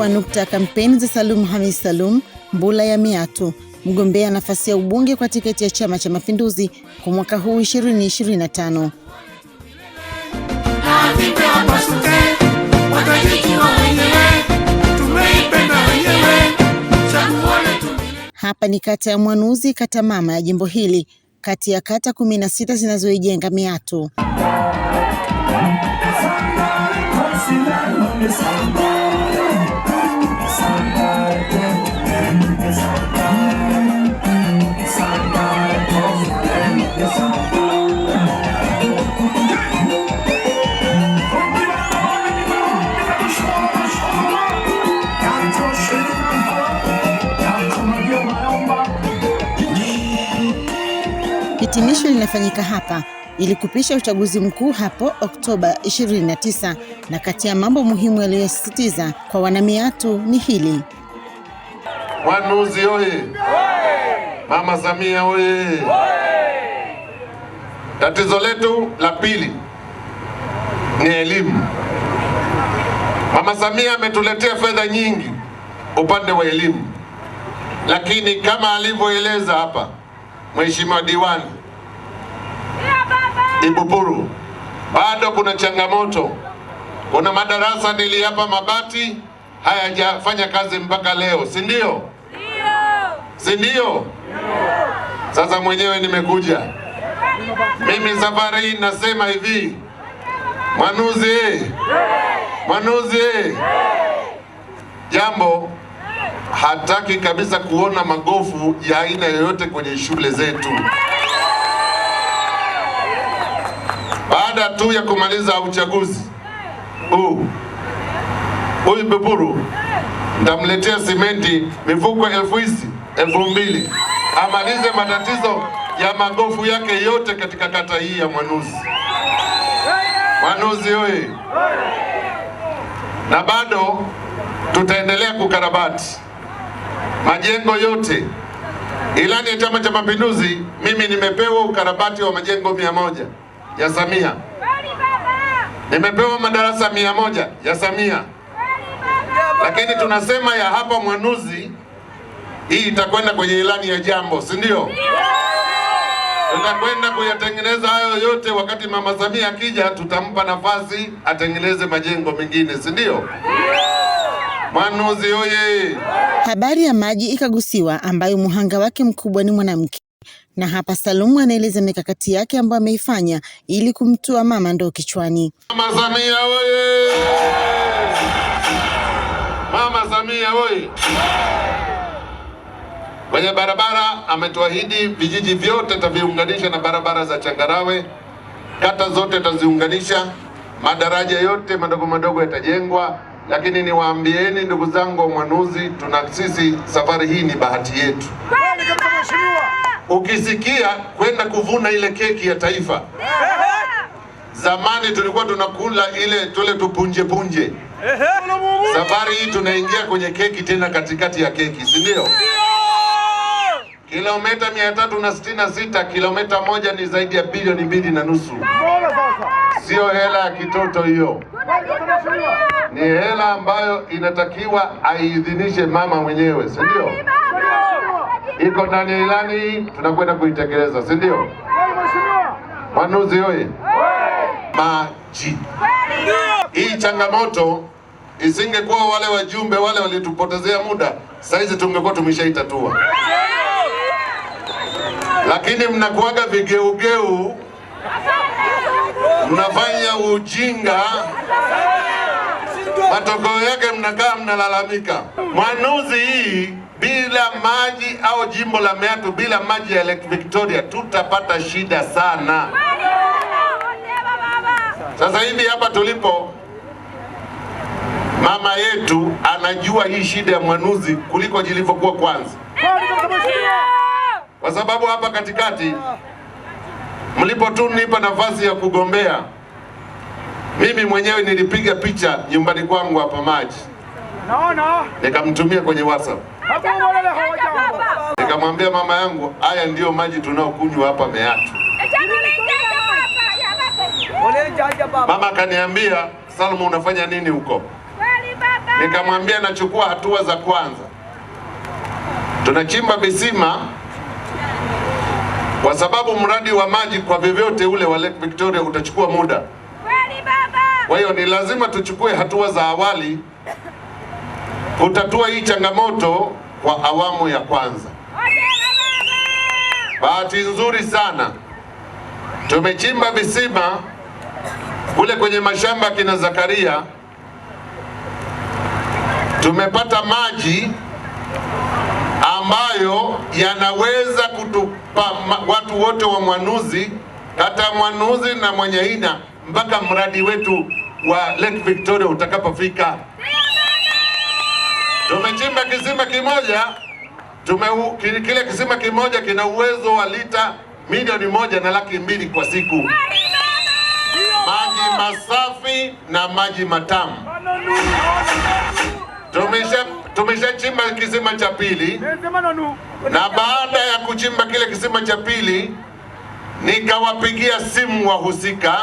kwa nukta ya kampeni za Salum Hamis Salum Mbula ya Miatu, mgombea nafasi ya ubunge kwa tiketi ya Chama cha Mapinduzi kwa mwaka huu 2025. Hapa ni kata ya Mwanuzi, kata mama ya jimbo hili kati ya kata 16 zinazoijenga Miatu. Hitimisho linafanyika hapa ili kupisha uchaguzi mkuu hapo Oktoba 29, na kati ya mambo muhimu yaliyosisitiza kwa wanamiatu ni hili: Mwanuzi oye! Mama Samia oye! Tatizo letu la pili ni elimu. Mama Samia ametuletea fedha nyingi upande wa elimu, lakini kama alivyoeleza hapa Mheshimiwa Diwani Ibuburu bado kuna changamoto. Kuna madarasa niliyapa mabati hayajafanya kazi mpaka leo, si ndio? Si ndio? Sasa mwenyewe nimekuja mimi safari hii nasema hivi, Mwanuzi, Mwanuzi, jambo hataki kabisa kuona magofu ya aina yoyote kwenye shule zetu. baada tu ya kumaliza uchaguzi huu, huyu pepuru ndamletea simenti mifuko elfu hizi elfu mbili amalize matatizo ya magofu yake yote katika kata hii ya Mwanuzi. Mwanuzi oye! Na bado tutaendelea kukarabati majengo yote. Ilani ya Chama cha Mapinduzi, mimi nimepewa ukarabati wa majengo mia moja ya Samia, nimepewa madarasa mia moja ya Samia, lakini tunasema ya hapa Mwanuzi hii itakwenda kwenye ilani ya Jambo, si ndio? Tutakwenda kuyatengeneza hayo yote. Wakati mama Samia akija, tutampa nafasi atengeneze majengo mengine, si ndio? Mwanuzi oye! Habari ya maji ikagusiwa, ambayo muhanga wake mkubwa ni mwanamke. Na hapa Salumu anaeleza mikakati yake ambayo ameifanya ili kumtua mama ndoo kichwani. Mama Samia oye! Mama Samia oye! Kwenye barabara ametuahidi vijiji vyote taviunganisha na barabara za changarawe, kata zote ataziunganisha, madaraja yote madogo madogo yatajengwa. Lakini niwaambieni ndugu zangu wa Mwanuzi, tuna sisi, safari hii ni bahati yetu ukisikia kwenda kuvuna ile keki ya taifa. Zamani tulikuwa tunakula ile tule tupunje punje, safari hii tunaingia kwenye keki tena, katikati ya keki, si ndio? Kilomita mia tatu na sitini na sita kilomita moja ni zaidi ya bilioni mbili na nusu. Sio hela ya kitoto hiyo, ni hela ambayo inatakiwa aiidhinishe mama mwenyewe, si ndio? iko ndani ya ilani, tunakwenda kuitekeleza, si ndio? Manuzi oye! Maji hii changamoto isingekuwa wale wajumbe wale walitupotezea muda, saizi tungekuwa tumeshaitatua, lakini mnakuaga vigeugeu, mnafanya ujinga, matokeo yake mnakaa mnalalamika. Mwanuzi hii maji au jimbo la Meatu bila maji ya Lake Victoria tutapata shida sana. Sasa hivi hapa tulipo, mama yetu anajua hii shida ya Mwanuzi kuliko jilivyokuwa kwanza, kwa sababu hapa katikati mlipo tu nipa nafasi ya kugombea, mimi mwenyewe nilipiga picha nyumbani kwangu hapa maji naona, nikamtumia kwenye WhatsApp nikamwambia mama yangu, haya ndiyo maji tunaokunywa hapa Meatu. Eh, mama akaniambia, Salma, unafanya nini huko? Nikamwambia nachukua hatua za kwanza, tunachimba visima kwa sababu mradi wa maji kwa vyovyote ule wa Lake Victoria utachukua muda. Kwa hiyo ni lazima tuchukue hatua za awali Tutatua hii changamoto kwa awamu ya kwanza. Bahati nzuri sana tumechimba visima kule kwenye mashamba kina Zakaria, tumepata maji ambayo yanaweza kutupa watu wote wa Mwanuzi, kata Mwanuzi na Mwenyehina mpaka mradi wetu wa Lake Victoria utakapofika. Tumechimba kisima kimoja tume, kile kisima kimoja kina uwezo wa lita milioni moja na laki mbili kwa siku, maji masafi na maji matamu. Tumesha kisima cha pili, na baada ya kuchimba kile kisima cha pili nikawapigia simu wahusika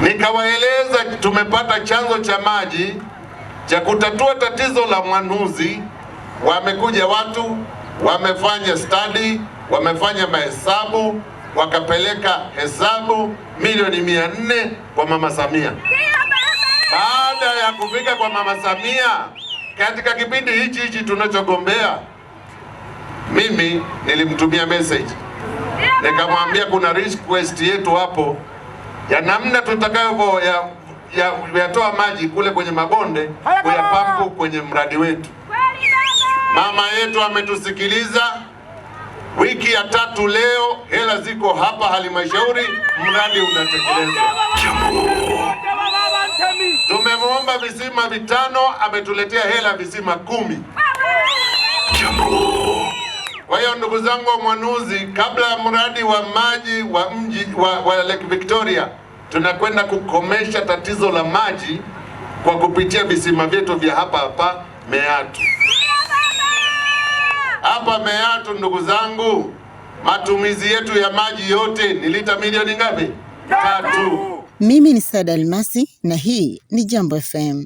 nikawaeleza tumepata chanzo cha maji cha kutatua tatizo la mwanuzi, wamekuja watu wamefanya study, wamefanya mahesabu, wakapeleka hesabu milioni mia nne kwa mama Samia. Baada ya kufika kwa mama Samia, katika kipindi hichi hichi tunachogombea, mimi nilimtumia message nikamwambia kuna request yetu hapo ya namna tutakayo ya ya kuyatoa maji kule kwenye mabonde kuyapampu kwenye mradi wetu. Mama yetu ametusikiliza. Wiki ya tatu leo, hela ziko hapa halmashauri, mradi unatekelezwa. Tumemwomba visima vitano, ametuletea hela visima kumi. Kwa hiyo ndugu zangu Mwanuzi, kabla ya mradi wa maji wa mji wa, wa Lake Victoria tunakwenda kukomesha tatizo la maji kwa kupitia visima vyetu vya hapa hapa Meatu. Hapa Meatu, ndugu zangu, matumizi yetu ya maji yote ni lita milioni ngapi? Tatu. Mimi ni Sada Almasi na hii ni Jambo FM.